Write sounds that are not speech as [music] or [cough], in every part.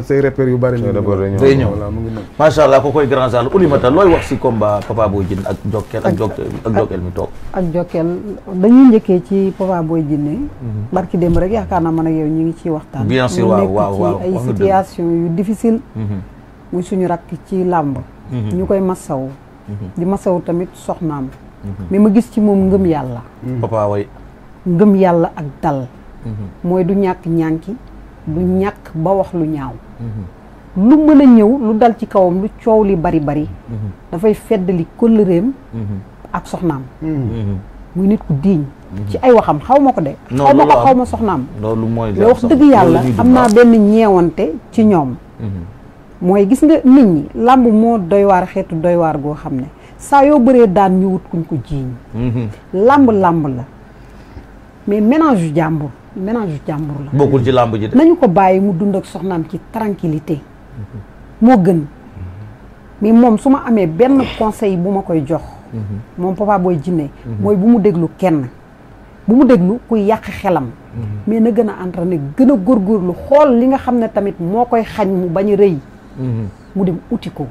say repères yu bari day ñëw macha allah ko koy grand salle Oulimata looy wax si combat Papa Boy Djiné ak Jokkel ak ak Jokkel dañuy njëkkee ci Papa booy Djiné mhm. barki démb rek yaakaar naa man ak yow ñu ngi ciy waxtaan bien sûr waaw waaw waaw ay situation yu difficile mhm. muy suñu rakk ci làmb mhm. ñu koy masaw di masaw tamit soxnaam mais ma gis ci moom ngëm yàlla papa way ngëm yàlla ak dal mooy du ñàkk ñànki du ñàkk ba wax lu ñaaw mhm. lu mën a ñëw lu dal ci kawam lu coow li bari bari mhm. dafay feddali kóllëreem mhm. ak soxnaam muy nit ku diiñ ci ay waxam xaw ma ko de xaw ko xaw soxnaam loolu mooy dëgg yàlla am naa benn ñeewante ci ñoom mooy gis nga nit ñi làmb moo doy xeetu doywaar goo xam ne saa yoo baree daan ñëwut kuñ ko jiiñ làmb làmb la mais ménage yu jàmbur ménage jàmbur la. bokkul ci làmb ji de. nañu ko bàyyi mu dund ak soxnaam ci tranquillité moo gën mais moom su ma amee benn conseil bu ma koy jox. moom papa booy jinne mooy bu mu déglu kenn bu mu déglu kuy yàq xelam. mais na gën a ne gën a góor góor lu xool li nga xam ne tamit moo koy xañ mu bañ a rëy. mu dem uti ko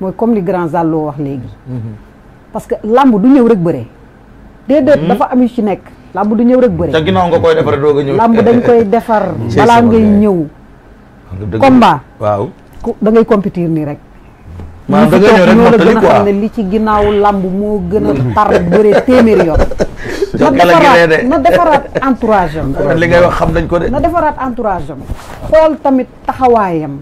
mooy comme li grand loo wax léegi. Mhm. parce que làmb du ñëw rek bëree. déedéet dafa am yu ci nekk. làmb du ñëw rek bëri. ca ginnaaw nga koy defar doog a ñëw. làmb dañ koy defar. [laughs] balaa ngay ñëw. combat waaw. da ngay compétir nii rek. maanaam da ngay ñëw rek mottali quoi xam ne li ci ginnaaw làmb moo gën a tar [laughs] bëre téeméeri yoon. [laughs] na defaraat na defaraat li ngay wax xam nañ ko de. na defaraat entourage xool tamit taxawaayam.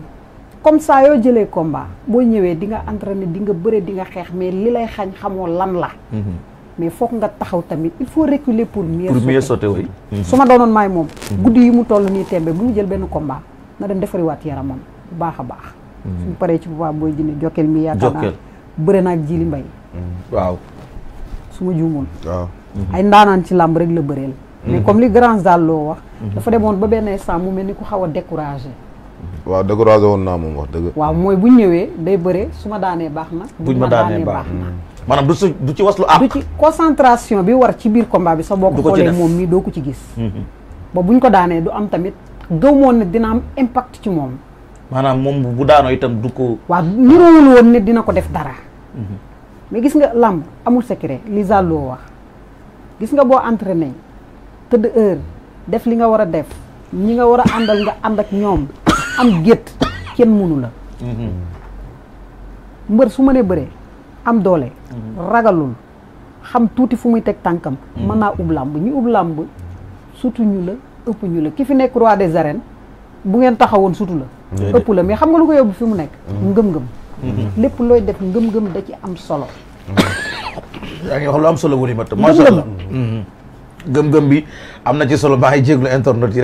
comme saa yoo jëlee combat boo ñëwee di nga entraîné di nga bëre di nga xeex mais li lay xañ xamoo lan la. Mm-hmm. mais foog nga taxaw tamit il faut reculer pour mieux pour mieux sauter way mhm. su ma doonoon maay moom mhm. guddi yi mu toll nii tembe bu ñu jël benn combat na dem defariwaat yaramam bu baax a baax mhm. suñu paree ci bu Papa Boy Djiné jokkeel mi yaakaar naa bëre naag Jili Mbay waaw su ma juumoon waaw ay ndaanaan ci làmb rek la bëreel mais comme li grand dal loo wax dafa demoon ba benn instant mu mel ni ku xaw a découragé waaw découragé woon naa moom wax dëgg. waaw mooy bu ñëwee day bëre su ma daanee baax na. buñ ma daanee baax na maanaam du si du ci waslu àq. du ci concentration bi war ci biir combat bi sa boo ko xoolee moom mii doo ko ci gis. Mm-hmm. ba buñ ko daanee du am tamit gëw moon ne dina am impact ci moom. maanaam moom bu daanoo itam du ko. waaw niroowul woon ne dina ko def dara. Mm-hmm. mais gis nga làmb amul secret li Zallo wax gis nga boo entraîné tëdd heure def li nga war a def ñi nga war a ànd ak ñoom. am gétt kenn mënu la mm-hmm. mbër su mënee bëree am doole mm-hmm. ragalul xam tuuti fu muy teg tànkam mm-hmm. mën naa ub làmb ñi ub làmb sutu ñu la ëpp ñu la ki fi nekk roi des arènes bu ngeen taxawoon sutu la ëpp la mais xam nga lu ko fi mu nekk ngëm-ngëm lépp looy def ngëm-ngëm da ci am solo yaa ngi wax lu am solo wuri mat macha allah ngëm-ngëm bi am na ci solo baax yi jéeglu internet yi